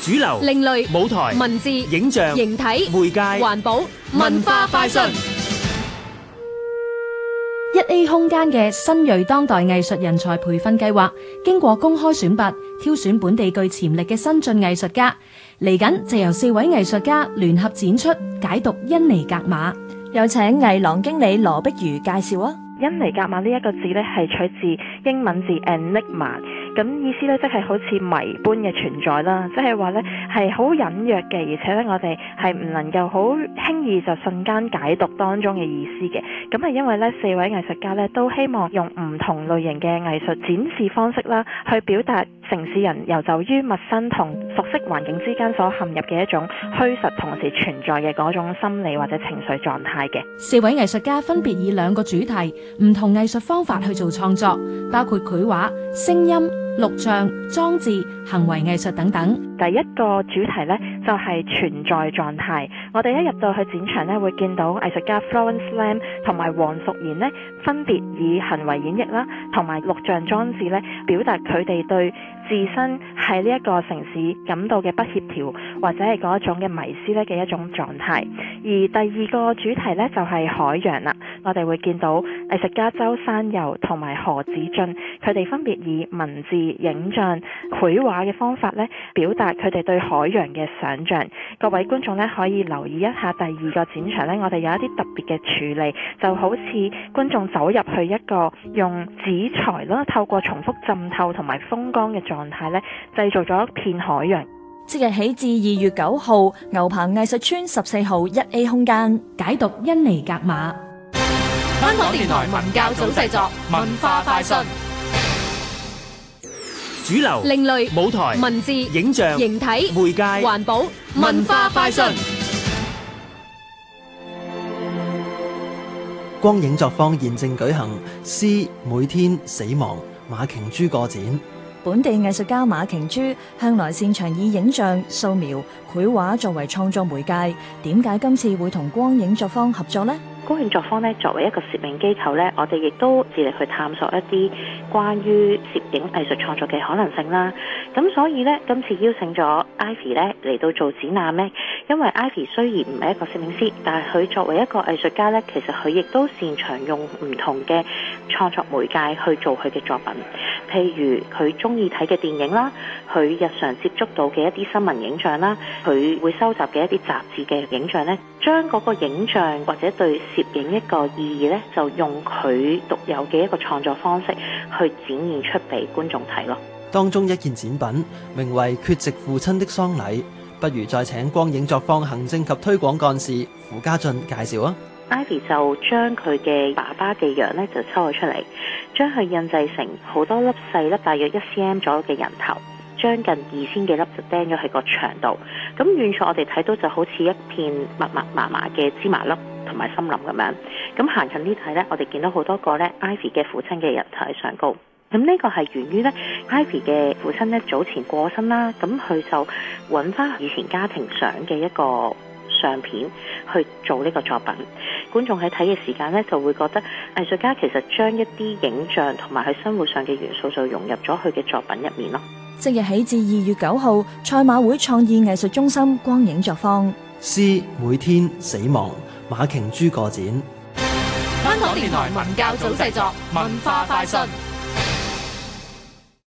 主流、另類舞台、文字、影像、形體、媒介、環保、文化、快進。一 A 空間嘅新銳當代藝術人才培訓計劃，經過公開選拔，挑選本地具潛力嘅新晉藝術家。嚟緊就由四位藝術家聯合展出解讀《恩尼格瑪》，有請藝廊經理羅碧如介紹啊。恩尼格瑪呢一個字呢，係取自英文字 Enigma。咁意思咧，即係好似謎般嘅存在啦，即係話咧係好隱約嘅，而且咧我哋係唔能夠好輕易就瞬間解讀當中嘅意思嘅。咁係因為咧四位藝術家咧都希望用唔同類型嘅藝術展示方式啦，去表達城市人遊走於陌生同熟悉環境之間所陷入嘅一種虛實同時存在嘅嗰種心理或者情緒狀態嘅。四位藝術家分別以兩個主題、唔同藝術方法去做創作，包括繪畫、聲音。錄像、裝置、行為藝術等等，第一個主題呢，就係存在狀態，我哋一入到去展場咧，會見到藝術家 Florence Lam 同埋黃淑賢咧，分別以行為演繹啦，同埋錄像裝置咧，表達佢哋對自身喺呢一個城市感到嘅不協調或者係嗰一種嘅迷思咧嘅一種狀態，而第二個主題咧就係海洋啦。我哋會見到藝術家周山游同埋何子俊，佢哋分別以文字、影像、繪畫嘅方法咧，表達佢哋對海洋嘅想。各位觀眾咧可以留意一下第二個展場咧，我哋有一啲特別嘅處理，就好似觀眾走入去一個用紙材啦，透過重複浸透同埋風乾嘅狀態咧，製造咗一片海洋。即日起至二月九號，牛棚藝術村十四號一 A 空間，解讀恩尼格瑪。香港電台文教組製作，文化快訊。主流、另類舞台、文字、影像、形體、媒介、環保、文化快訊。光影作坊現正舉行詩每天死亡馬瓊珠個展。本地藝術家馬瓊珠向來擅長以影像、素描、繪畫作為創作媒介，點解今次會同光影作坊合作呢？高興作坊咧，作為一個攝影機構咧，我哋亦都致力去探索一啲關於攝影藝術創作嘅可能性啦。咁所以咧，今次邀請咗 Ivy 咧嚟到做展覽咧。因為 Ivy 雖然唔係一個攝影師，但係佢作為一個藝術家咧，其實佢亦都擅長用唔同嘅創作媒介去做佢嘅作品。譬如佢中意睇嘅電影啦，佢日常接觸到嘅一啲新聞影像啦，佢會收集嘅一啲雜誌嘅影像咧，將嗰個影像或者對攝影的一個意義咧，就用佢獨有嘅一個創作方式去展現出俾觀眾睇咯。當中一件展品名為《缺席父親的喪禮》。不如再請光影作坊行政及推廣幹事胡家俊介紹啊。Ivy 就將佢嘅爸爸嘅樣咧就抽咗出嚟，將佢印製成好多粒細粒，大約一 cm 左右嘅人頭，將近二千幾粒就釘咗喺個牆度。咁遠處我哋睇到就好似一片密密麻麻嘅芝麻粒同埋森林咁樣。咁行近呢睇咧，我哋見到好多個咧 Ivy 嘅父親嘅人頭喺上高。咁呢個係源於咧，Ivy 嘅父親咧早前過身啦，咁佢就揾翻以前家庭相嘅一個相片去做呢個作品。觀眾喺睇嘅時間咧，就會覺得藝術家其實將一啲影像同埋佢生活上嘅元素就融入咗佢嘅作品入面咯。即日起至二月九號，賽馬會創意藝術中心光影作坊《詩每天死亡馬瓊珠個展》。香港電台文教組製作文化快訊。